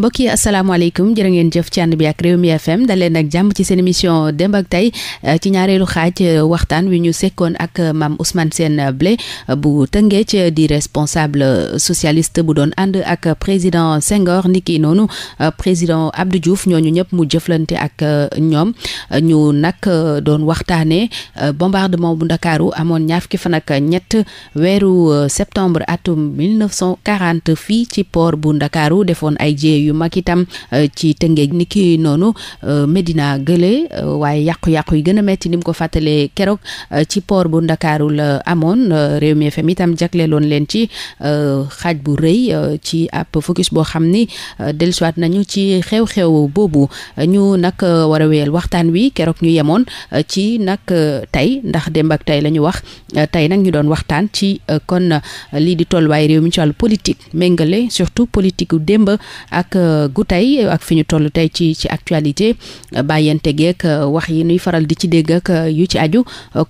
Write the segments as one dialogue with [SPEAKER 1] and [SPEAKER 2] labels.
[SPEAKER 1] mbokk yi asalaamaaleykum jërë ngeen jëf ci ànd bi ak Rewmi FM dal leen ak jàmm ci seen émission démb ak tey euh, ci ñaareelu xaaj euh, waxtaan wi ñu sekkoon ak euh, maam Ousmane seen Blay bu tëngee ci di responsable socialiste bu doon ànd ak président Senghor niki noonu président abdu Diouf ñooñu ñëpp mu jëflante ak ñoom ñu nag doon waxtaanee bombardement bu Ndakaaru amoon ñaar fukki fan ak ñett weeru septembre atum 1940 fii ci port bu Ndakaaru defoon ay jéeyu yu mag itam euh, ci Tëngéej ni ki noonu euh, Medina Gële euh, waaye yàqu-yàqu yi gën a metti ni ko fàttalee keroog ci port bu Ndakaaru la amoon réew Rewmi FM itam jagleeloon leen ci xaaj bu rëy ci ab focus boo xam ni dellusiwaat nañu ci xew-xew boobu ñu nag war a waxtaan wi keroog ñu yemoon ci nag tey ndax démb ak tey la ñu wax tey nag ñu doon waxtaan ci kon lii di tolluwaay réew mi ci wàllu politique méngale surtout politique démb ak Euh, gu tey ak fi ñu tollu tey ci ci actualité euh, bàyyante geek euh, wax yi nuy faral di ci dégg ak yu ci aju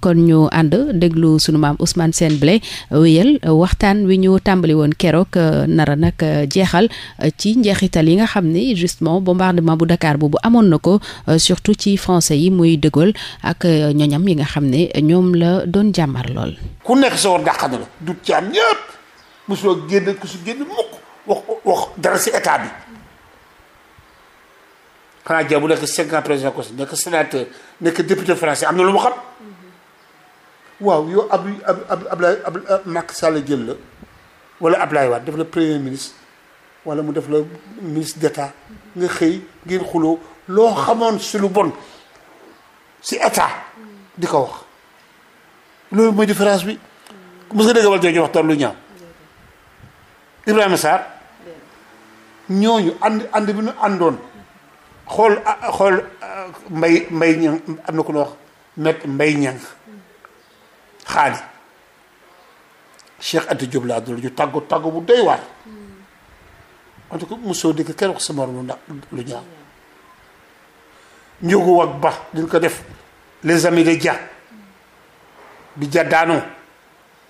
[SPEAKER 1] kon ñu ànd déglu suñu maam Ousmane Sène Blay wéyal waxtaan wi ñu tàmbali woon keroog nara nag jeexal ci njeexital yi nga xam ni justement bombardement bu Dakar boobu amoon na ko surtout ci français yi muy De ak ñoñam yi nga xam ne ñoom la doon jàmmar lool.
[SPEAKER 2] ku nekk sa war dàq na la. du ci am ñëpp mosoo génn mukk wax wax dara si état bi. xanaa Dia bu nekk cinquante président conseil nekk sénateur nekk député français am na lu mu xam. waaw yow ab ab ab Ablaye ab Macky Sall jël la wala Ablaye Wade def la premier ministre wala mu def la ministre d'état nga xëy ngeen xuloo loo xamoon si lu bon si état di ko wax loolu mooy différence bi. mos nga dégg wala jooju waxtaan lu ñaaw Ibrahima Sarr ñooñu ànd ànd bi ñu àndoon. xool mbay mbay ñang am na ku ñuy met mbay ñang xaali Cheikh Anta Diop laa dul ñu tàggu tàggu bu doy waar en tout cas mosoo dégg kenn wax sama lu ndax lu ñaaw njugu wag ba duñ ko def les amis de Dia bi Dia daanoo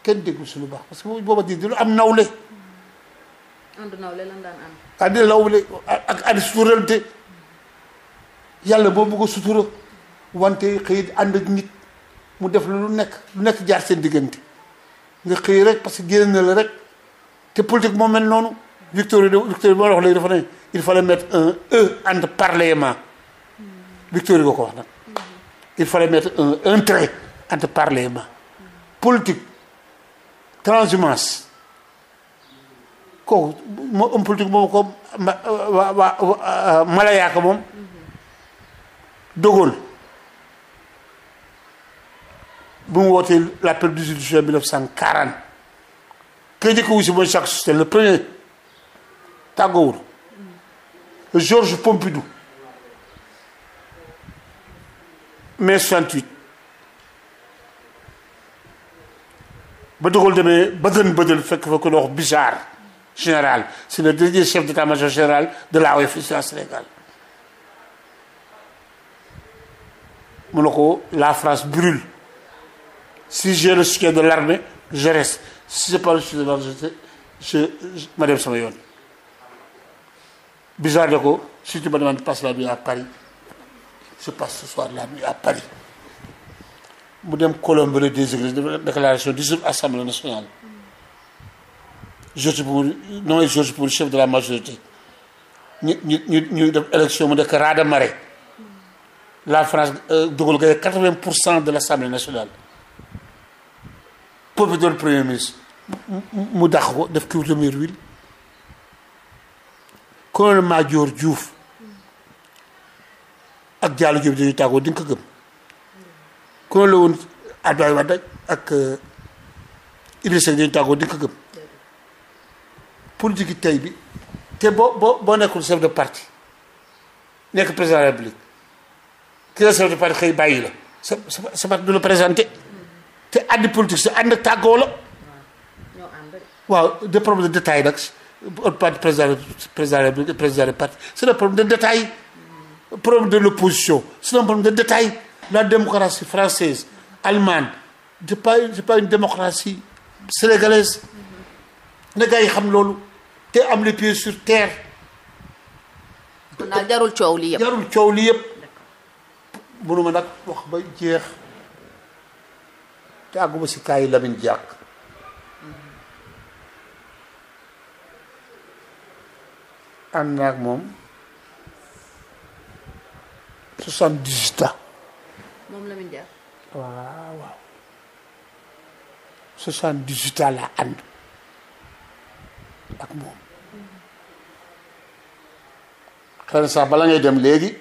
[SPEAKER 2] kenn déggu suñu baax parce que booba di lu am nawle.
[SPEAKER 1] ànd nawle lan am.
[SPEAKER 2] ànd nawle ak ànd suurante. yàlla boo bëgg a sutura wante xëyit ànd ak mu def lu nekk lu nekk jaar seen diggante nga xëy rek parce que génn na la rek te politique moom mel noonu Victor Victor moo wax léegi dafa ne il fallait mettre un E entre parlement Victor nga ko wax nag il mettre e, entre parlement politique transhumance kooku moo am politique moom ko Malayaaka moom Dogol bu mu wootee l'appel du 18 juin 1940 kay njëkk wu si mooy Jacques Cousteau le premier tàggoowul Georges Pompidou mai 68 ba Dogol demee bëgën bëjël fekk fa ko dox Bijard général c'est le dernier chef d'état-major général de l'AOF ici en mu ne ko la France brûle si j'ai le soutien de l'armée je reste si j'ai pas le soutien de ma dem sama yoon Bizarre de ko si tu me la nuit à Paris je passe ce soir la nuit à Paris mu dem Colombey des églises déclaration dix-huit assemblée nationale je suis pour non je chef de la majorité ñu ñu ñu ñu def élection mu nekk raz de la France euh, dugal ko quatre-vingt pour cent de l'Assemblée nationale peuple doon premier ministre mu dàq ko def kiwute mur wil colonel Madior Diouf ak Diallo Diop dañuy tàggoo di nga ko gëm colonel la woon Abdoulaye Wade ak euh, Idrissa dañuy tàggoo di ko gëm politique yi tey bi te boo boo boo nekkul chef de parti nekk président République ki la soo par xëy bàyyi la sa sa sa du la présenté te àndi politique sa ànd ak tàggoo la waaw des problèmes de détail nag parti président président président de parti c'est le problème de détail problème de l'opposition c'est un problème de détail la démocratie française allemande c'est pas c'est pas une démocratie sénégalaise na gars yi xam loolu te am les pieds sur terre. kon daal jarul coow li yëpp jarul coow li yëpp. mënuma nag wax ba jeex te àgguma si kaay Lamine Diack ànd naa ak moom soixante dix
[SPEAKER 1] moom Lamine Diack
[SPEAKER 2] waaw waaw soixante dix laa ànd ak moom xëy sax bala ngay dem léegi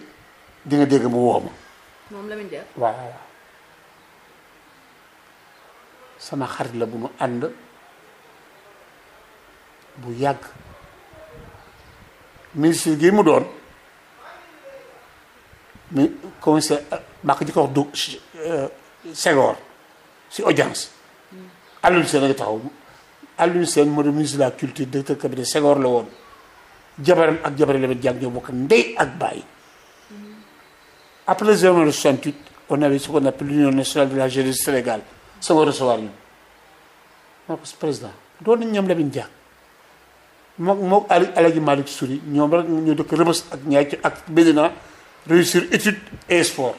[SPEAKER 2] dinga dégg mu woo ma moom Lamine waaw sama xarit la bu nu ànd bu yàgg ministre gi mu doon mi commissaire maa ko jëkk wax du euh, Senghor si audience hmm. Alioune Sène nga taxaw Alioune Sène moo doon ministre la culture directeur cabinet Senghor la woon jabaram ak jabari Lamine Diack ñoo bokk ndey ak bàyyi après 1968 on avait ce qu'on appelle l'union nationale de la jeunesse du sama recevoir ñu moo ko président doon nañ ñoom Lamine Diack moom moom Alaji Malick Souri ñoom rek ñu dëkk Rëbës ak ñaay ak Médina réussir études et sport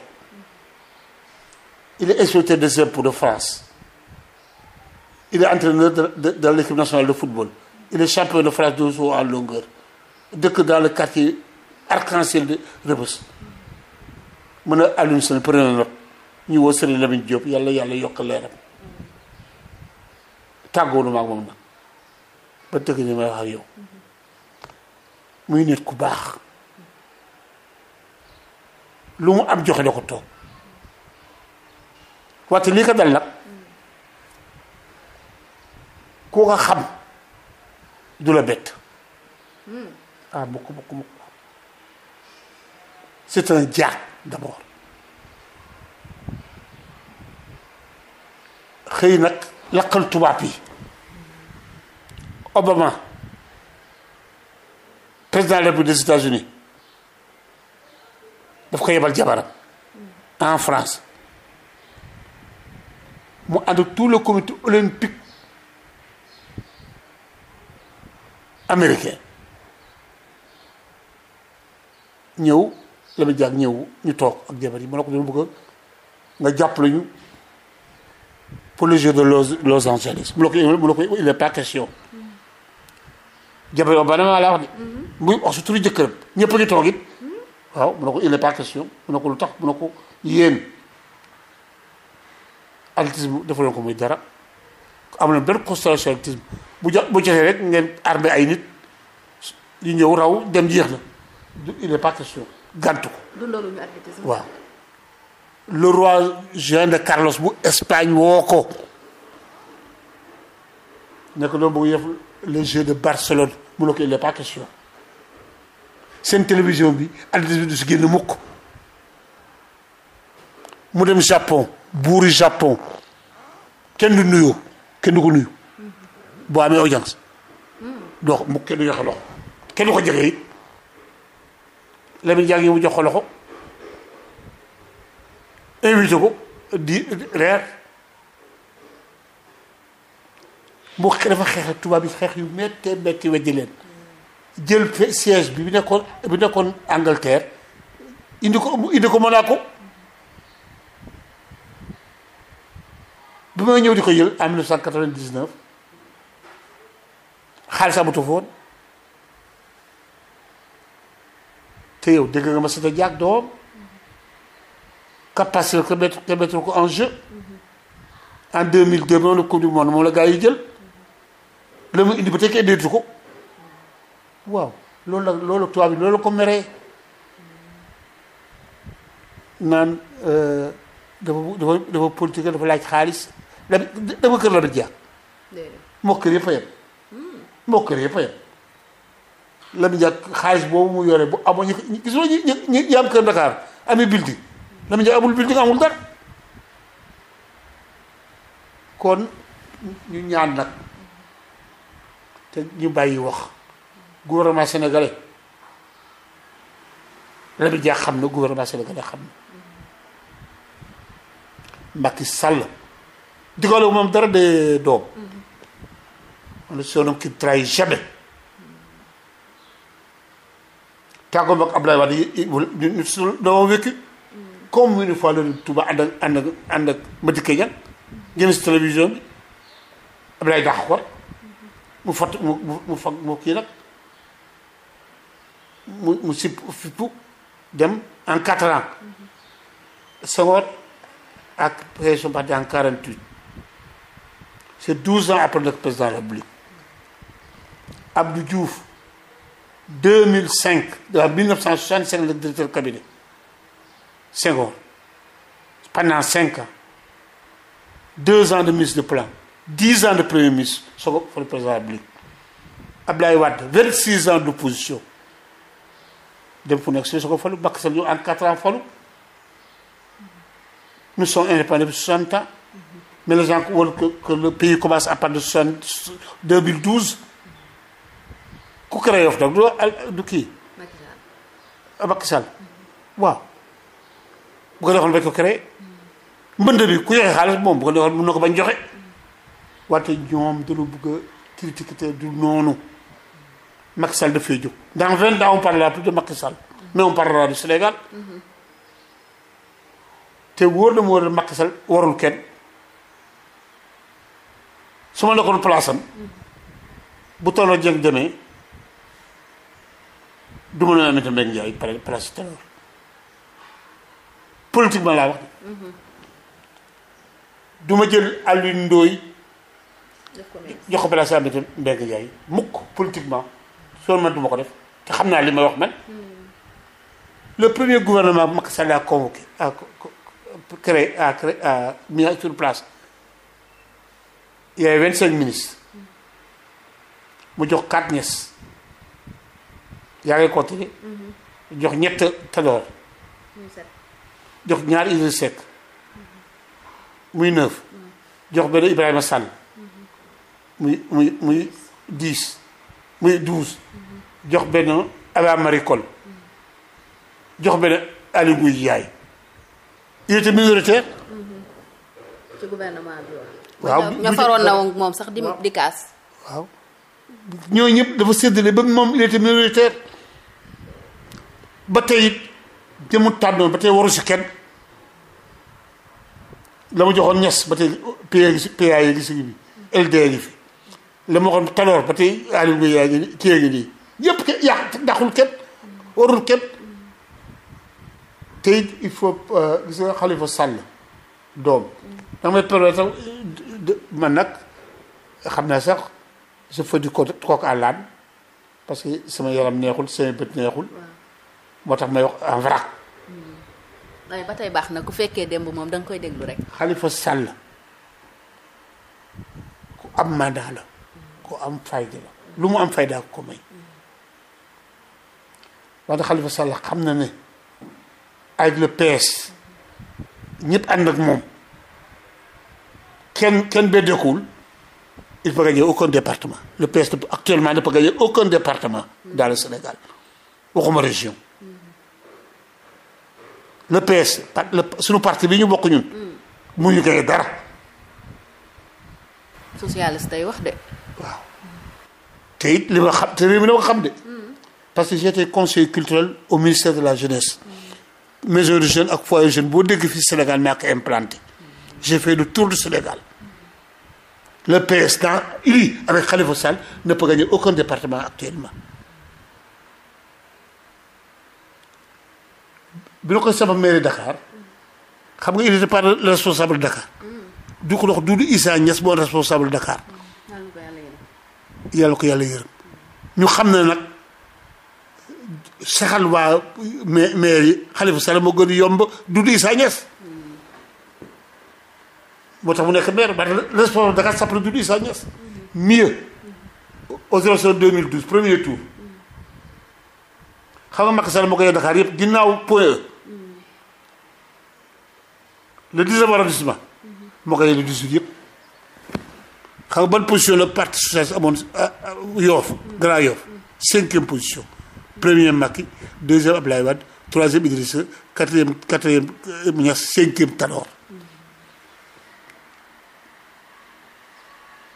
[SPEAKER 2] il est inspecteur de France il est entraîneur de de de l'équipe nationale de football il est champion de France de saut en longueur dëkk dans le quartier arc de Rëbës. mu ne Alioune Sall prenez note ñu woo Serigne Lamine Diop yàlla yàlla yokk leeram tàggoo na ma moom nag ba dëgg ni may wax yow muy nit ku baax lu mu am joxe da ko toog waxte lii ko dal nag koo ko xam du la bett hmm. ah mukk mukk mukk c'est un jaag d'abord xëy nag lakkal tubaab yi Obama président lépp des États-Unis daf ko yebal jabaram en France mu ànd tout le comité olympique américain ñëw la mu ñëw ñu toog ak jabar yi ma ne ko doon bëgg nga jàppale ñu pour le jeu de Los Los Angeles mu ne ko mu ne il n'est pas jabar yow ba maa la wax de. Mhm. muy wax su turu jëkkëram ñëpp a ngi toog it. Mhm. waaw mu ne ko il n'est pas question mu ko lu tax mu ne ko yéen atlétisme dafa leen ko muy dara am na benn constellation atlétisme bu ja bu joxee rek ngeen armé ay nit yu ñëw raw dem jeex na il gàntu
[SPEAKER 1] ko waaw
[SPEAKER 2] le roi Juan de Carlos bu Espagne woo ko nekk doon bëgg yëf les Jeux de Barcelone mu ne ko il est seen télévision bi addis bi du si génn mukk mu dem Japon buuri Japon kenn du nuyoo kenn du ko nuyu boo amee audience hmm. donc mu kenn du joxe loxo kenn ko jege it Lamine jaa ngi mu jox ko loxo invité ko di reer mu dafa xeex tubaab yi xeex yu méttee métti weddi leen jël siège bi bi nekkoon bi nekkoon Angleterre indi ko indi ko Monaco bi may ñëw di ko jël en 1999 xaalis amatu fa te yow dégg nga ma sa jàkk doom capacité que mettre que mettre ko en jeu mm-hmm. en deux mille deux noonu coupe du monde moom la gars yi jël mm-hmm. la mu indi ba tey kenn indiitu ko mm-hmm. waaw loolu la loolu tubaab bi loolu ko meree naan euh, dafa dafa dafa politique dafa laaj xaalis dama kër la du jàkk moo kër yëpp a yem mm. moo kër yëpp a yem Lamine Diack xaalis boobu mu yore bu amoon ñu gis nga ñu ñu ñu am kër Dakar amee building Lamine Diack amul building amul dara kon ñu ñaan nag te ñu bàyyi wax gouvernement sénégalais Lamine Diack xam na gouvernement sénégalais xam na Macky Sall digale moom dara de doom mm-hmm. on est sur un homme qui tàggoo mag Abdoulaye Wade yi su dama vécu combien de fois loolu Touba ànd ak ànd ak ànd ak Madické Niang génn télévision bi Abdoulaye dàq ko mu fat mu mu fag mu kii nag mu mu si dem en quatre ans Senghor ak président en quarante huit c' est douze ans après nag président de la République Abdou 2005 waaw 1965 la directeur cabinet Senghor pendant cinq ans deux ans de ministre de plan dix ans de premier ministre soog a fa président République Abdoulaye Wade vingt six ans d' opposition dem fu nekk si soog a falu Macky Sall ñu en quatre ans falu nous sommes indépendants depuis soixante ans mais les gens wala que le pays commence à partir de soixante deux mille ku créé Yoff nag du du kii. Macky ah, waaw bu ko neexoon bañ ko créé mbënd bi ku joxe xaalis moom bu ko neexoon mën na ko bañ joxe wante ñoom dañu bëgg a critiquer du noonu Macky Sall daf fay jóg. dans vingt ans on parlera plus de Macky Sall mais on parlera du Sénégal te wóor na mu war a Macky warul kenn su ma nekkoon place am bu tolloo jëng demee. duma la Aminata Mbengue Ndiaye place Senghor politiquement laa wax mhm. du ma jël Alioune Ndoye jox ko place Aminata Mbengue Ndiaye mukk politiquement soo man duma ko def te xam naa li ma wax man mhm. le premier gouvernement Macky Sall a convoqué a créé a créé a mis sur vingt cinq ministres mhm. mu jox quatre nièces yaa ngay continuer
[SPEAKER 1] mm-hmm.
[SPEAKER 2] jox ñett Tanor jox ñaar Idrissa Seck mm-hmm. muy neuf mm-hmm. jox benn Ibrahima Sall muy muy muy dix muy douze jox benn Awa Marie Coll jox benn Aly Ngouille il était minoritaire
[SPEAKER 1] ci gouvernement bi
[SPEAKER 2] waaw ña faroon
[SPEAKER 1] na moom sax
[SPEAKER 2] ñëpp dafa séddale ba moom il était minoritaire ba tey it jëmu tànnoon ba tey waru si kenn la mu joxoon ñes ba tey PA gi PA yi gis bi la ma waxoon taloor ba tey Aliou Guèye yaa ngi kii ngi nii yëpp ke yàq daxul kenn warul kenn te it il faut euh, gis nga Khalifa Sall doom danga may permettre man nag xam naa sax je fais du coq à l'âne parce que sama yaram neexul sama bët neexul moo tax may wax en vrac.
[SPEAKER 1] waaye mm. ba tey baax na ku fekkee démb moom danga koy déglu rek.
[SPEAKER 2] Khalifa Sall ku am mandat la ku am fayda lu mu am fayda ko may wante Khalifa Sall xam na ne avec le PS ñëpp ànd ak moom kenn kenn beddeekuwul il peut gagner aucun département le PS actuellement ne peut gagner aucun département dans le Sénégal waxuma région le PS suñu parti bi ñu bokk ñun. mu ñu gañe dara.
[SPEAKER 1] socialiste yi wax de.
[SPEAKER 2] waaw te it li ma xam te réew mi la ko xam de. parce que j'étais conseiller culturel au ministère de la jeunesse. maison de jeunes ak foyer jeune boo dégg fii Sénégal maa ko implanté. j'ai fait le tour de Sénégal. le PS dans lui avec Khalifa Sall ne peut gagner aucun département actuellement. bi na koy sama mairie Dakar xam nga il était pas le responsable Dakar du ko dox Doudou Issa Niass moo responsable ko yàlla yërëm ñu xam ne nag saxal waa ma maire yi moo gën a yomb Doudou Issa Niass moo tax mu nekk maire ba responsable Dakar s'appelle Doudou Issa Niass mieux aux élections 2012 premier tour xam nga Macky Sall moo ko ginnaaw point e. le 19 arrondissement moo ko yële 18 yëpp xam ban position la parti socialiste amoon euh, Yoff Grand Yoff cinquième position premier Macky deuxième Abdoulaye Wade troisième Idrissa quatrième quatrième Niass euh, cinquième Tanor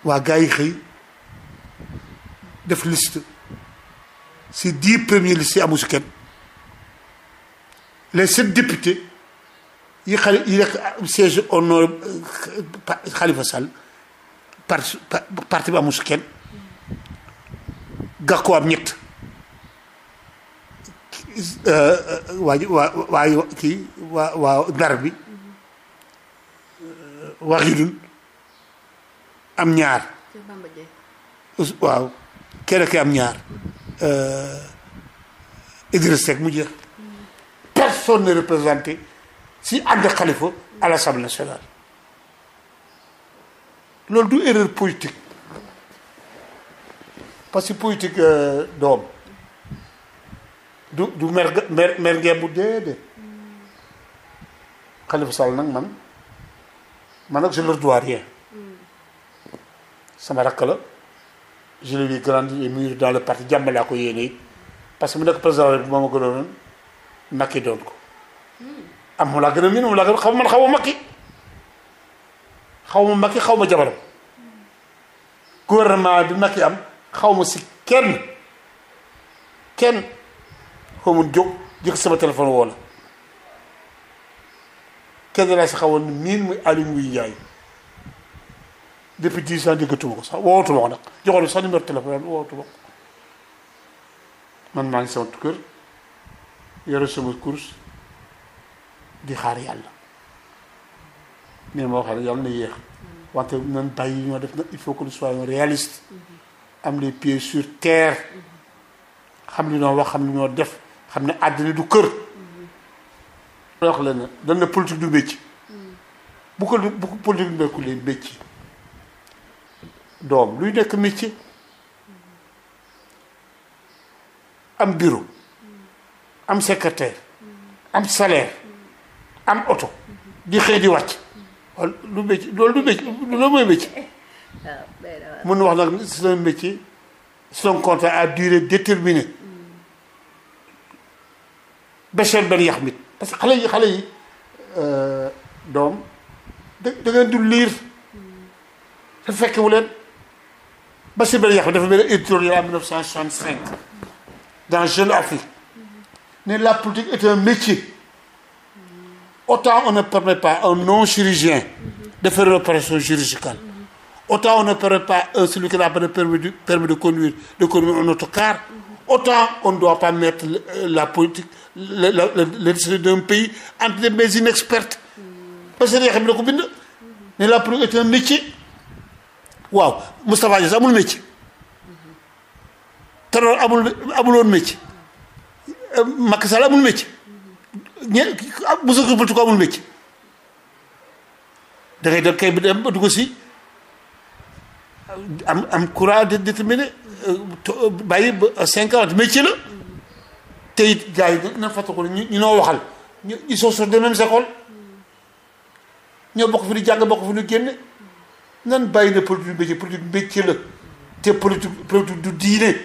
[SPEAKER 2] waa gars xëy def liste si dix premiers listes yi kenn les sept députés yi xali yi rek parti parti bi amul kenn gàkku am ñett waa ji waa waa kii ndar bi wax am ñaar waaw kenn ki am ñaar Idriss mu jeex personne représenté si ànd Khalifa à l'Assemblée nationale loolu du erreur politique parce que politique euh, doom du du mer mer mer ngeen bu déedéet Khalifa nag man man nag je ne leur dois rien sama rakk la je l'ai vu grandir et mûrir dans le parti jàmm laa ko yéene it parce que mu nekk président bu ma ma gënoon Macky ko. am mu laa gën a miin mu laa gën xaw ma man xaw ma makki xaw ma makki xaw ma jabaram gouvernement am xaw ma si kenn kenn xaw ma jóg jëkk sama téléphone woo la kenn laa si xawoon miin muy Aly Ngouille Ndiaye depuis dix ans déggatuma ko sax woowatuma ko nag joxoon sax numéro téléphone woowatuma ko man maa ngi sama kër yore sama course di xaar yàlla mais moo xam ne yàlla na yéex wante nan bàyyi ñoo def na il faut que nous soyons réalistes am les pieds sur terre xam li ñoo wax xam li ñoo def xam ne àddina du kër wax la ne dañ na du métier bu ko bu ko politique du nekkulee métier doom luy nekk métier am bureau am secrétaire am salaire am oto di xëy di wàcc wala lu métier loolu du métier loolu mooy métier mun na wax nag c'est métier son contrat à durée déterminée béchel benn yax mit parce que xale yi xale yi euh, doom da da du liir te fekkewu leen béchel benn yax dafa benn éditorial en 1965 dans Jeune Afrique ne la politique est un Autant on ne permet pas à un non-chirurgien de faire une opération chirurgicale. Autant on ne permet pas à celui qui n'a pas de permis de, permis conduire de conduire un autocar. Autant on ne doit pas mettre euh, la politique, l'industrie d'un pays entre des mains inexpertes. Parce que xam ne ko bind. ne la politique est un métier. waaw Moustapha Niasse amul métier. Tanor amul amuloon métier. Euh, Macky Sall amul métier. ñeent ah, mos a xëppal ko amul mécc da dem kay bi dem ba dugg si am am courage de déterminer euh, euh, bàyyi ba euh, cinquante métier la te it gars yi na fàttaliku ñu ñu noo waxal ñu ils sont de même école ñoo bokk fi ñu jàng bokk fi ñu génne nan bàyyi na politique métier la te politique politique du diine.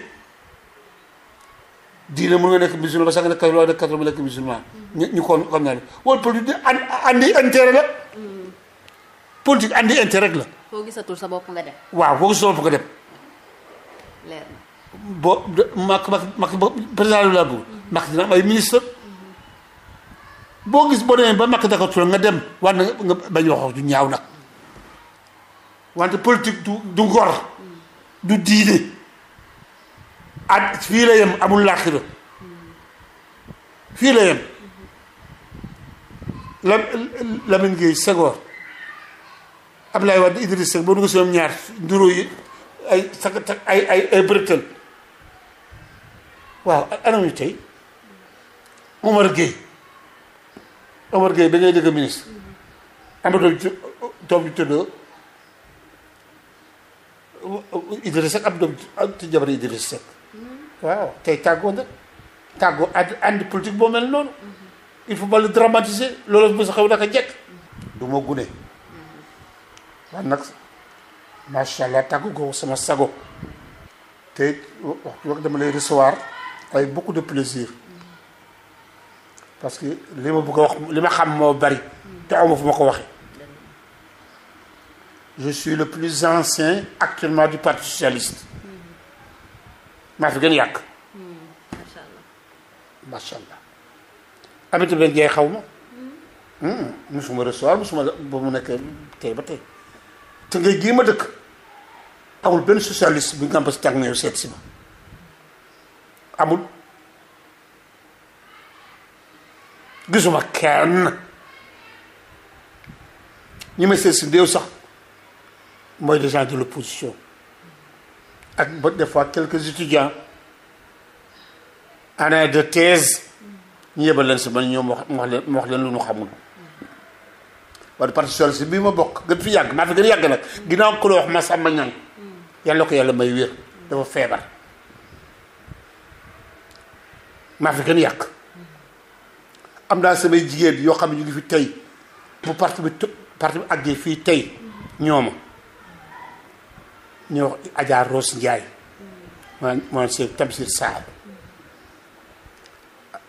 [SPEAKER 2] diine mën nga nekk musulman ba sax nga nekk catholique nekk catholique nekk musulman ñu ñu xool xam naa ne wala politique andi intérêt la. Mm. politique andi intérêt rek la.
[SPEAKER 1] foo gisatul sa bopp nga dem.
[SPEAKER 2] waaw foo gisatul sa bopp nga dem. leer na. boo Macky Macky président bi laa bëgg. Macky dina am ay ministre mm-hmm. boo gis boo demee ba Macky dakkatul nga dem war na nga bañ wax du ñaaw nag mm-hmm. wante politique du du ngor mm-hmm. du diine. at fii la yem amul laaxira fii la yem lam Lamine Gueye Senghor Ablaye boo dugg si ñoom ñaar nduró yi ay sa ay ay ay bretelle waaw anam ñu tey Omar Gueye Omar Gueye ba ngay dëgg ministre mm-hmm. Amadou doom ju tëdd Idriss Seck ab doom jabar Idriss waaw tey tàggoo nag tàggoo ànd ànd politique boo mel noonu il faut pas le dramatiser loolu bu sa xew naka jekk du ma gune man nag macha allah tàggu sama sago te waxtu wax dama lay recevoir avec beaucoup de plaisir parce que li ma bëgg a wax li ma xam moo bari te awma fu ma ko waxee je suis le plus ancien actuellement du parti socialiste maa fi gën yàgg.
[SPEAKER 3] Hmm, macha allah.
[SPEAKER 2] macha allah Amity Ben Ndiaye xaw ma. Hmm. Hmm, musuma recevoir musuma ba mu nekk tey ba tey te ngay gii ma dëkk amul ben socialiste bu ñu am ba si tànk ñëw seet si ma amul gisuma kenn ñi may seet si ndéew sax mooy des gens ak ba des fois quelques étudiants année de thèse ñu yebal leen si man ñoom wax wax moo wax leen lu ñu xamul wala parti socialiste bii ma bokk gën fi yàgg maa fi gën yàgg nag ginnaaw ko la wax Massamba Niang yàlla ko yàlla may wér dafa feebar maa fi gën yàgg am naa samay jigéen yoo xam ne ñu ngi fi tey bu parti bi parti bi àggee fii tey ñooma ñu wax Adja Rose Ndiaye ma ma Cheikh Tamsir Sarr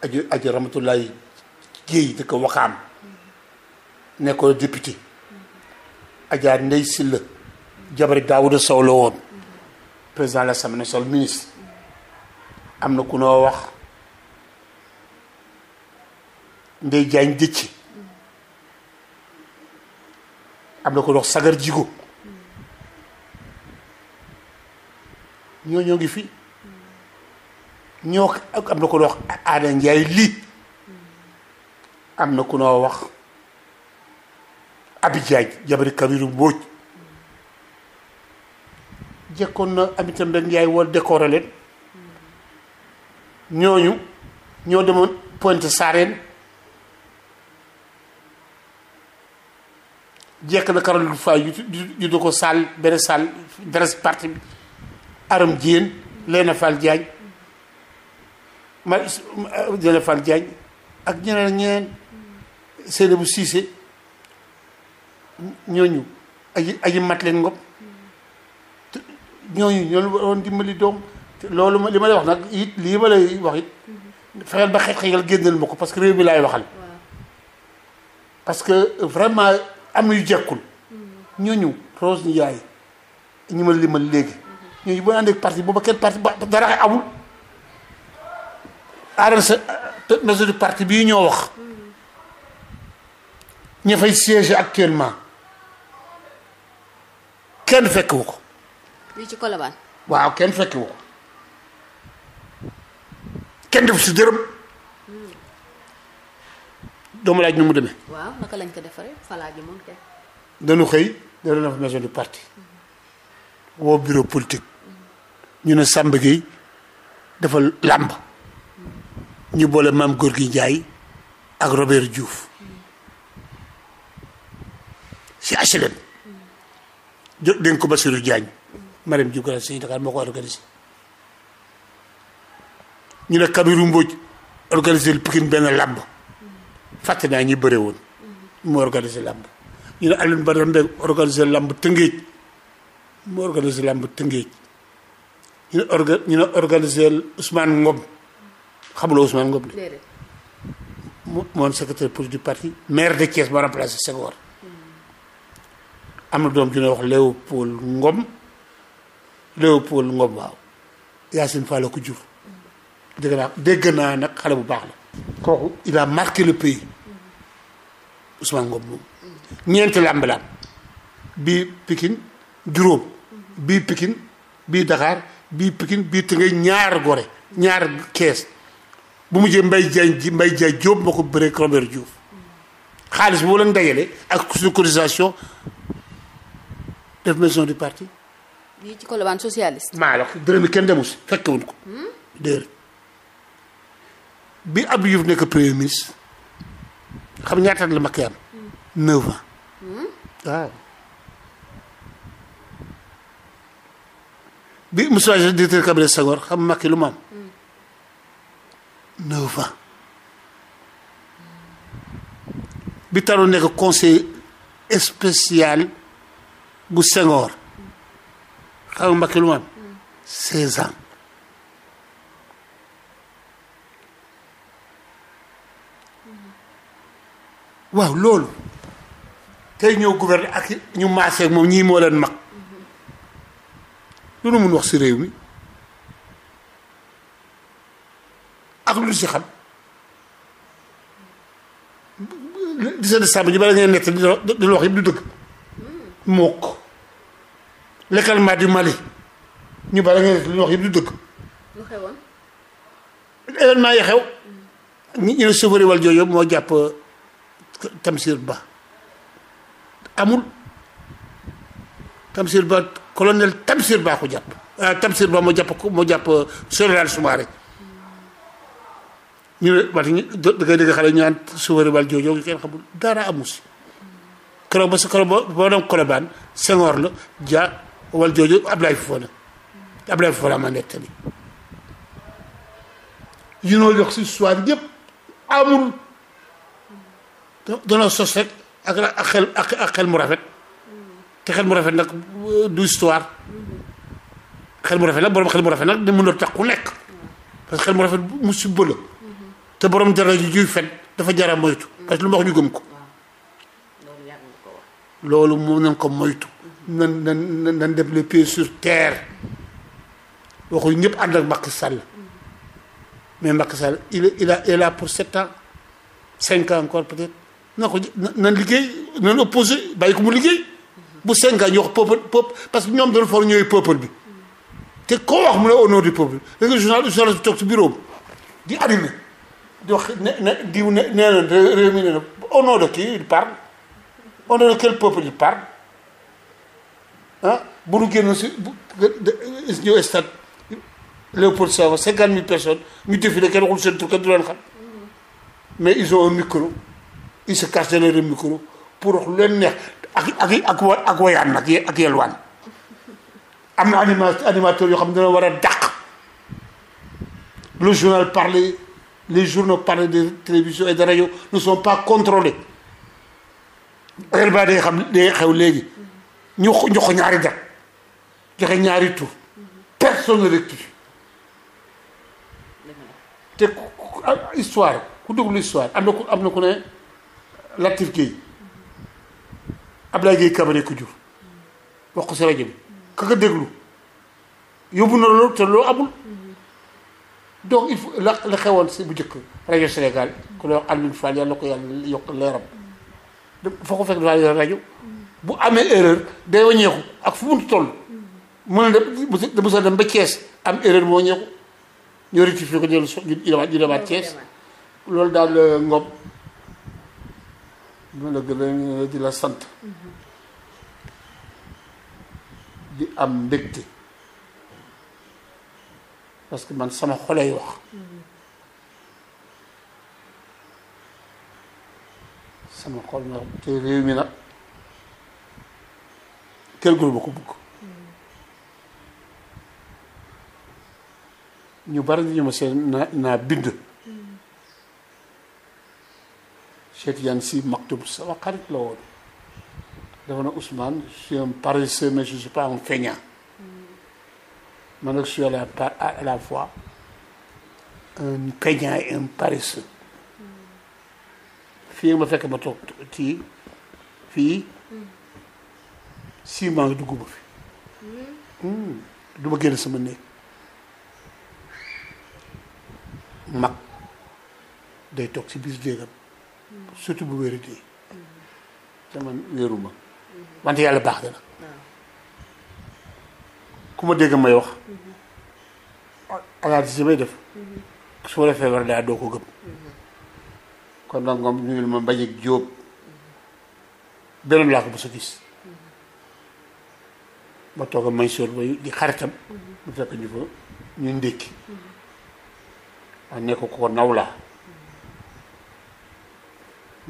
[SPEAKER 2] aju aju Ramatoulaye Guèye dëkk Wakaam nekkoon député Adja Ndeye Sylla jabari Daouda Sow la woon président de l'Assemblée sol ministre am na ku noo wax Ndeye Diagne Dëcc am na ku noo Sagar Djigo ñoo ñoo ngi fi ñoo am na ku noo wax aada njaay lii am na ku noo wax abi jaaj jabari kabiru mbóoj jekkoon na amitam dañ yaay woo décoré ñooñu ñoo demoon Pointe Sarène jekk na Caroline Faye yu du ko sall benn sall dres parti bi aram jéen leena fal jaañ ma leena fal jaañ ak ñeneen ñeneen seene bu siise ñooñu aji aji mat leen ngop ñooñu ñoo waroon dimbali doom loolu ma li ma lay wax nag it lii ma lay wax it fexeel ba xeex xeexal génneel ma ko parce que réew mi laay waxal parce que vraiment am yu jekkul mm. ñooñu Rose Ndiaye ñu ma léegi ñooñu boo àndee parti booba kenn parti ba dara amul arrêté mesure du parti bi ñoo wax ña fay siège actuellement kenn fekkiwu ko. ci Colobane. waaw kenn fekkiwu ko kenn def si dërëm. Hmm. doomu laaj nu mu demee.
[SPEAKER 1] waaw naka lañ ko defaree falaa ji moom te.
[SPEAKER 2] dañu xëy dañu def maison du parti. Hmm. woo bureau politique ñu ne sàmb gi dafa làmb ñu boole maam góor gi Njaay ak Robert Diouf si HLM jo dénk ko Basirou Diagne Marème ma Grand Serigne Dakar moo ko organisé ñu ne Kabirou Mbodj organisé Pikine benn làmb fàtte naa ñi bëre woon mu organisé làmb ñu ne Alioune Badara Mbengue organisé làmb Tëngéej mu organisé làmb Tëngéej ñu ne orga ñu ne organisé Ousmane Ngom xamuloo Ousmane Ngom de. déedéet mu moom secrétaire politique du parti maire de Thiès ma remplacé Senghor. Hmm. am na doom ju ñuy wax Léopold Ngom Léopold Ngom waaw Yacine Fall ko jur. dégg naa dégg naa nag xale bu baax la. kooku il a marqué le pays hmm. Ousmane Ngom moom. ñeenti làmb bii Pikine juróom hmm. bii Pikine bii Dakar. bii Pikine bii Tëngéej ñaar Gorée ñaar kees bu mujjee mbay Diagne ji mbay Diagne Diop moo ko bëree Robert Diouf xaalis boo leen dajale ak suñu def maison du parti.
[SPEAKER 1] lii ci Colobane socialiste.
[SPEAKER 2] maa la kenn demul si fekkewuñ ko. Hmm? déedéet bi Abdou Diouf nekk premier ministre xam ñaata la Macky am. 9 hmm. ans hmm? bi Moustapha Diagne directeur cabinet Senghor xam Macky lu mu am neuf ans bi Tallon nekk conseil spécial bu Senghor xam Macky lu mu seize ans waaw loolu te ñëw gouverne ak ñu maasee moom ñii moo leen mag lu nu mun wax si réew mi ak lu si xam dix-sept décembre ji bala ngeen nett di la wax yëpp du dëgg mook l'éclatement du Mali ñu bala ngeen nett di la wax yëpp du dëgg événement yi xew ñi ñu ne sofëri moo jàpp euh, Tamsir Ba amul Tamsir Ba colonel Tamsir Ba ko jàpp euh, Tamsir Ba moo jàpp moo jàpp euh, général Soumaré ñu ne wax dëgg dégg xale ñu naan Soumaré Bal jooju kenn xamul dara amu si keroog ba sa keroog ba ba doon Colobane Senghor la Dia wal jooju Ablaye Fofana Ablaye Fofana ma nettali yu noo jox si histoire yëpp amul danoo sos rek ak xel mu rafet. te xel mu rafet nag du histoire xel mu rafet nag borom xel mu rafet nag da mën a tax ku nekk parce que xel mu rafet musiba la te borom dara ji juy fen dafa jara moytu parce que lu ma wax ñu gëm ko loolu moom nañ ko moytu nan nan nan def les sur terre waxuñ ñëpp ànd ak Macky Sall mais Macky Sall il il a il est là pour sept ans cinq ans encore peut-être na ko nan liggéey nan opposé bàyyi ko mu liggéey bu cinq ans ñu wax peuple peuple parce que ñoom dañu for ñooy peuple bi te koo wax mu ne au nom du peuple léegi journal journal bi toog ci bureau di animé di wax ne ne diw ne nee na réew mi ne na au nom de qui il parle au nom de quel peuple il parle ah bu nu génnoon si bu ñëw stade Léopold Sédar 50 000 personnes ñu défilé kenn waxul seen tur kenn du leen xam mais ils ont un micro ils se cachent derrière le micro pour wax lu leen neex ak ak ak wa ak woyaan nag ak yelwaan am na animateur yoo xam ne dina war a dàq le journal parler les journaux parler de télévision et dara radio ne sont pas contrôlés heure day xam day xew léegi ñu ñu ko ñaari dat joxe ñaari tur personne rectifie te ah, histoire ku déglu histoire am na ku am na ku ne Latif Gueye Abdoulaye Gueye Cabaret ku jur wax déglu yóbbu na loolu te loo amul donc il faut la la xewoon si bu njëkk rajo Sénégal ku la wax Alioune Fall yàlla ko yàlla yokk leeram foo ko fekk dafa yor rajo bu amee erreur day wàññeeku ak fu mu toll mën na dem mos a dem ba Thiès am erreur moo wàññeeku ñu rectifié ko ñu dellu so ñu demaat ñu demaat loolu daal euh, ngoom ñu la gërëm di la sant di am mbégte parce que man sama xolay wax sama xol na te réew mi nag kër gu ma ko bëgg ñu bari ñu ma seen naa naa bind Cheikh Tidiane Sy Maktoum sama xarit la woon dafa ne Ousmane je suis un paresseux mais je suis pas un feignant man nag je à la par à la fois un feignant et fii ma fekk ma toog ci fii six mois ngi dugguma fi hmm. du ma génn sama néeg mag day toog ci biir déegam surtout bu wératee te man wéeru ma wante yàlla baax dana ku ma dégg may wax analyse yi may def su ma defee war daa doo ko gëm kon nag moom ñu ngi ma bañ jóob beneen laa ko mos a gis ma toog a Mansour ba di xaritam mu fekk ñu fa ndékki a nekk ko naw laa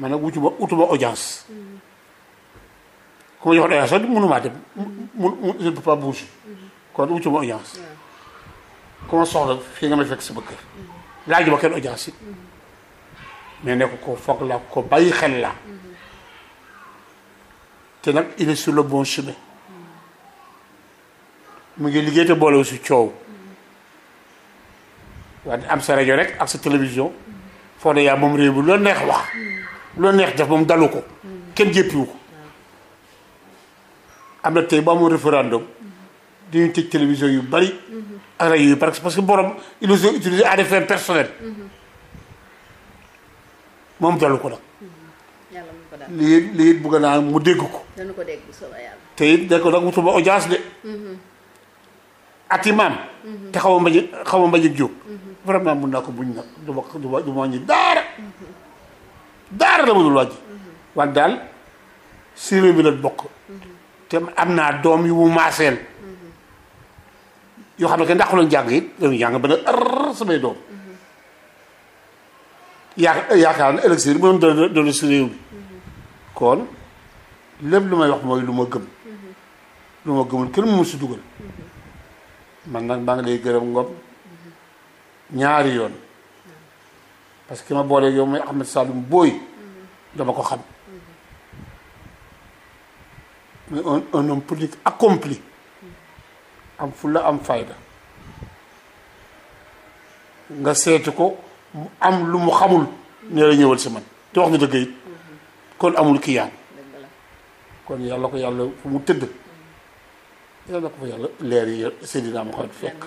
[SPEAKER 2] man nag wutu ba audience ku ma joxoon audience ne peux pas bouger kon wutu ba ku ma soxla fii nga may fekk sama kër laaj ba kenn audience it mais nekk ko foog la ko bàyyi xel la te nag il est sur le mu ngi liggéey te boolewu si coow waaye am sa rajo rek ak sa télévision foo ne yaa moom réew mi loolu neex wax lu neex def moom dalu ko kenn jéppiwu ko am na tey ba amoon référendum dañuy tëj télévision yu bari ak rajo yu parce que borom ils les ont utilisés à moom dalu ko nag li li it bëgg naa mu dégg ko te it da ko nag wutuma audience de ati te xaw ma mbañi xaw jóg mhm. vraiment mun naa ko buñ nag du ma du ma ñu daara mhm. daara la mënul wàññi waaye daal séeréer bi la bokk te am naa doom yu mu maaseel yoo xam ne kenn ndax lañ jàng it dañuy jàng ba ne ër samay doom yaa yaakaar na élection bi mënoon si réew mi kon lépp lu may wax mooy lu ma gëm lu ma gëmul kenn mu si dugal man nag maa ngi lay gërëm ngom ñaari yoon parce que ki ma booleeg yow mooy Ahmed Saloum Boy dama ko xam muy un un homme politique accompli am fulla am fayda nga seetu ko mu am lu mu xamul nee la ñëwal si man te wax na dëgg it kon amul kiyaan yàlla ko yàlla fu mu tëdd yàlla ko fa yàlla leer yi Seydina Muhammad fekk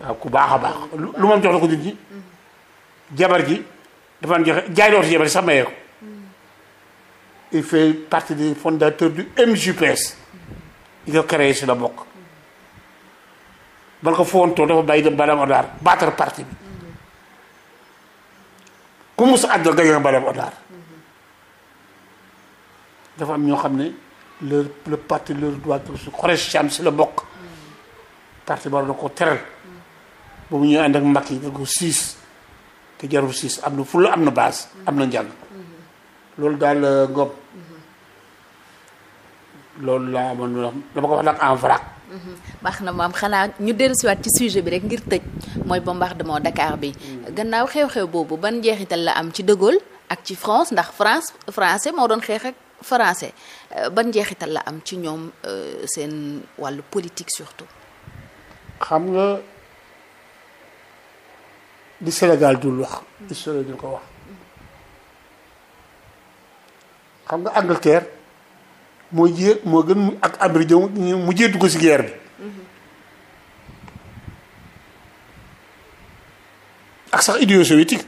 [SPEAKER 2] waaw ku baax a baax lu moom jox la ko nit ñi jabar ji dafa am joxe jaay dootu jabar ji sax mayee ko mm. il fait partie des fondateurs du MJPS yi ko créé si la bokk ba nga ko foontoo dafa bàyyi dem Badaam Odaar battre parti bi ku mus àddal gañ nga Badaam Odaar dafa am ñoo xam ne leur le parti leur doit su Khoresh Thiam si la bokk mm. parti ba war na ko teral ba mu ñëw ànd ak mag yi da ko siis te jarul siis am na fulla am na base am na njàng loolu daal euh, ngoom loolu laa amoon dama ko wax nag en vrac.
[SPEAKER 1] baax na maam xanaa ñu dellusiwaat ci sujet bi rek ngir tëj mooy ba bombardement Dakar bi. Mm. gannaaw xew-xew boobu ban njeexital la am ci De ak ci France ndax France français moo doon xeex ak français euh, ban njeexital la am ci ñoom euh, seen wàllu politique surtout.
[SPEAKER 2] xam nga. di Sénégal dul wax histoire dul ko wax xam nga Angleterre moo jiyee moo gën ak Amérique mu jiyee dugg ci guerre bi ak sax Union soviétique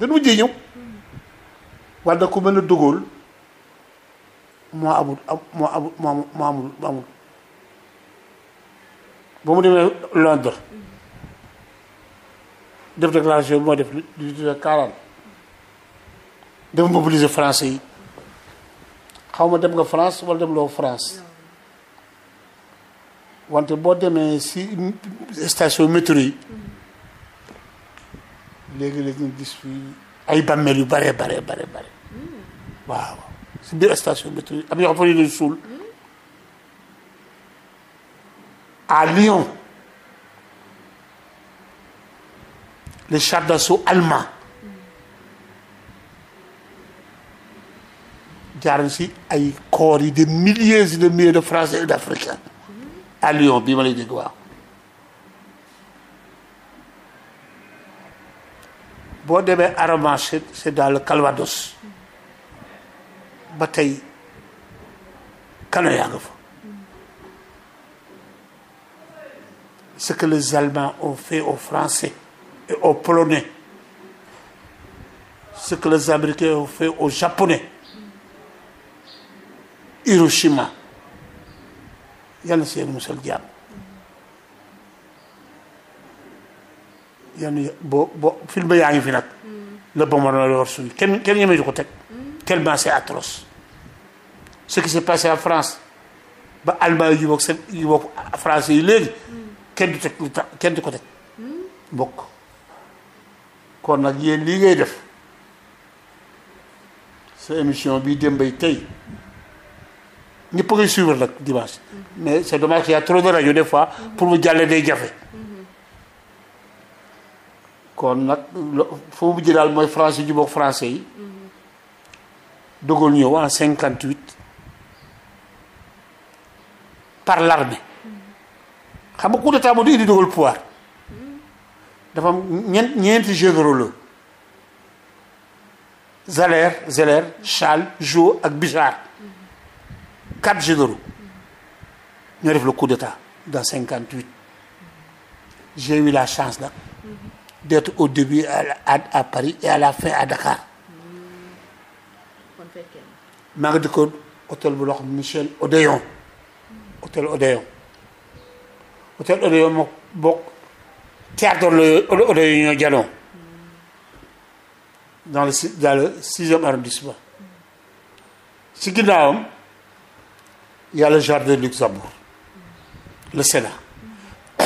[SPEAKER 2] gën mu jiyee ñëw walla ku mel ne De Gaulle moo amul moo amul moo amul moo amul ba mu demee Londres def déclaration bi moo def lu tudd Karane dafa mobiliser français yi xaw ma dem nga France wala dem loo France wante boo demee si station métro yi léegi la ñu gis fi ay bàmmeel yu bare bare bare bare waaw si biir station métro yi am yoo xam fa ñu leen à Lyon den schaut das so allemand jaar si ay corps yi de milliers et de milliers de français et d'africains à Lyon bii ma lay dégg waaw boo demee Armanchel c'est dans le Calvados ba tey kano yaa nga fa ce que les Allemands ont fait aux Français et aux Polonais ce que les Américains ont fait aux Japonais Hiroshima yal na seen musal jàmm yal na boo film yaa ngi fi nag la Bombardier suñu kenn kenn ñemee di ko teg tellement c'est atroce ce qui s'est passé en France ba Allemagne yu bokk seen yu bokk français yi léegi kenn du teg ko teg kon nag yéen lii ngay def sa émission bii Demba Tey ñëpp ngay suivre nag dimanche mais c'est dommage y a trop de rajo des fois pour mu jàlle day jafe kon nag foo mujj daal mooy france ju bokk français yi dogal ñëw en cinquante huit par l'armée xam nga coup d'état moo di indi dogal dafa am ñeenti jeu de rôle Zeller Zeller ak Bichard quatre jeux de rôle ñoo def le coup d'état dans cinquante huit j'ai eu la chance nag d'être au début à Paris et à la fin à Dakar maa ngi dëkkoon hôtel bu lox Michel Odéon hôtel Odéon hôtel Odéon moo bokk théâtre de l'Union Diallo dans le dans le sixième arrondissement ci ginnaawam y jardin de Luxembourg le Sénat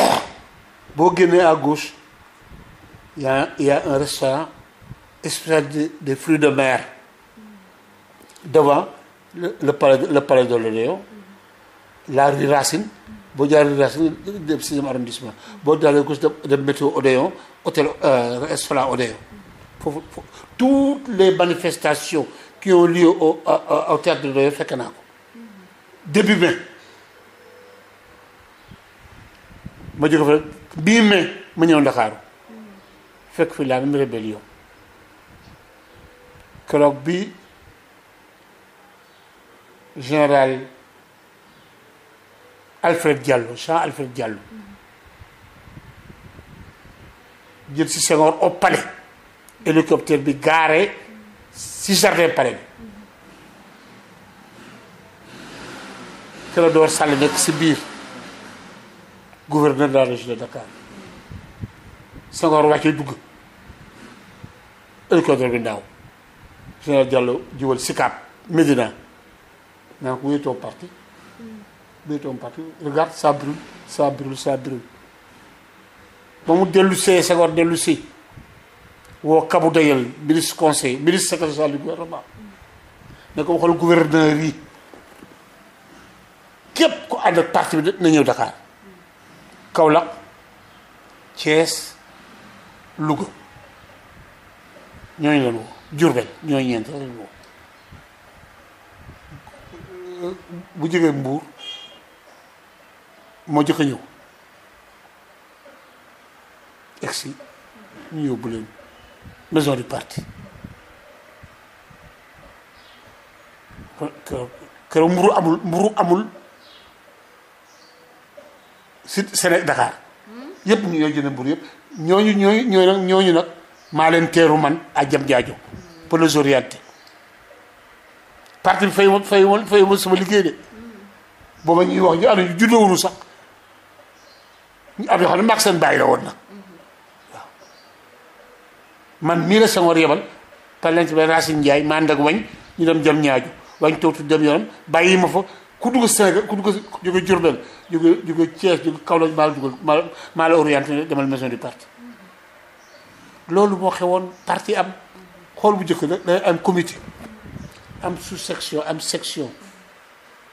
[SPEAKER 2] boo génnee à gauche y a un restaurant spécialisé des fruits de mer devant le le palais le palais de l'Odéon la rue Racine boo jaaree Rias dem sixième arrondissement boo daalee gauche dem métro Odéon hôtel euh, restaurant Odéon foofu toutes les manifestations qui ont lieu au théâtre de l'Odéon fekk naa ko début mai ma jóge fa bii mai fekk fi la même rébellion keroog bi général Alfred Diallo Jean Alfred Diallo jël si Senghor au palais hélicoptère bi garé si jardin palais bi Clédor Sall nekk si biir gouverneur de la région de Dakar Senghor wàccee dugg hélicoptère bi ndaaw général Diallo jiwal Sicap Médina naa ko wéetoo parti béytoon partout regarde ça brûle ça brûle ça brûle ba mu dellu see Senghor dellu si woo Kabou Dayel ministre conseil ministre secrétaire du gouvernement ne ko waxal gouverneur yi képp ku ànd ak parti bi na ñëw Dakar Kaolack Thiès Louga ñooñu la ñu woo Diourbel ñooñu ñeent la woo bu jógee Mbour moo jëkk a ñëw egsi ñu yóbbu leen maison du parti keroog mburu amul mburu amul si Sénégal Dakar yépp ñu ñoo jënd mburu yépp ñooñu ñooñu ñooñu ñooñu nag maa leen teeru man ak jam jaajo pour les orienter parti fay ma fay ma fay ma sama liggéey de booba ñuy wax ñu ànd ñu juddoowuñu sax am yoo xam ne mag seen bàyyi la woon nag waaw man mii la Senghor yebal par leen ci benn Racine Ndiaye ma wañ ñu dem jëm ñaaju wañ tootu dem yoonam bàyyi ma fa ku dugg Sénégal ku dugg jóge Diourbel jóge jóge Thiès jóge Kaolack maa demal maison du parti loolu moo xewoon parti am xool bu njëkk nag day sous section am section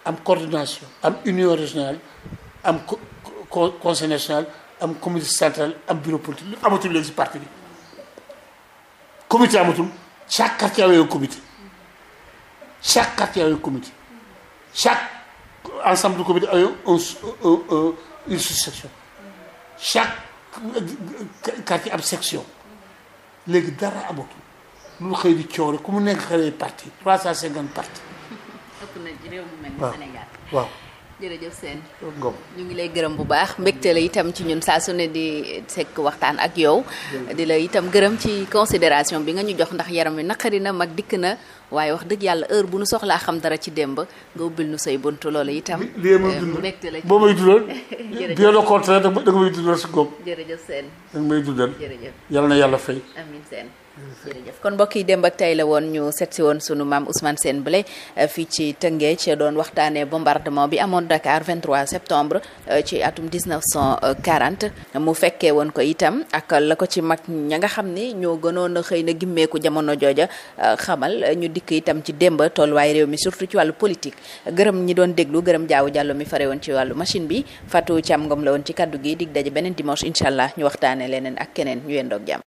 [SPEAKER 2] am coordination am union régionale conseil national am comité central am bureau politique lu amatul léegi si parti bi comité amatul chaque quartier avait comité chaque quartier avait comité chaque ensemble de comité un une sous-section chaque quartier am section léegi dara amatul lu xëy di coow rek ku mu nekk xëy parti trois cent cinquante parti
[SPEAKER 1] jërëjëf seen Ngom ñu ngi lay gërëm bu baax mbégte la itam ci ñun saa su ne di sekk waxtaan ak yow. di la itam gërëm ci considération bi nga ñu jox ndax yaram wi naqari na mag dikk na waaye wax dëgg yàlla heure bu nu soxlaa xam dara ci démb nga ubbil nu say bunt loolu itam. lii may eh, dund mbégte la boo may dundal. jërëjëf bien au
[SPEAKER 2] contraire da may dundal seen da nga may yal na yàlla fay.
[SPEAKER 1] jërëjëf kon mbokk yi démb ak tey la woon ñu seet si woon sunu maam Ousmane Sène Blay eh, fii ci Tëngéej ci doon waxtaanee bombardement bi amoon Dakar 23 septembre eh, ci atum 1940 mu fekkee woon ko itam ak la ko ci mag ña nga xam ni ñoo gënoon a xëy na gimmeeku jamono jooja eh, xamal ñu dikk itam ci démb tolluwaay réew mi surtout ci wàllu politique gërëm ñi doon déglu gërëm jaawu jàllo mi fare woon ci wàllu machine bi Fatou Thiam Ngom la woon ci kaddu gi dig daje beneen dimanche incha allah ñu waxtaanee leneen ak keneen ñu yendoog jàmm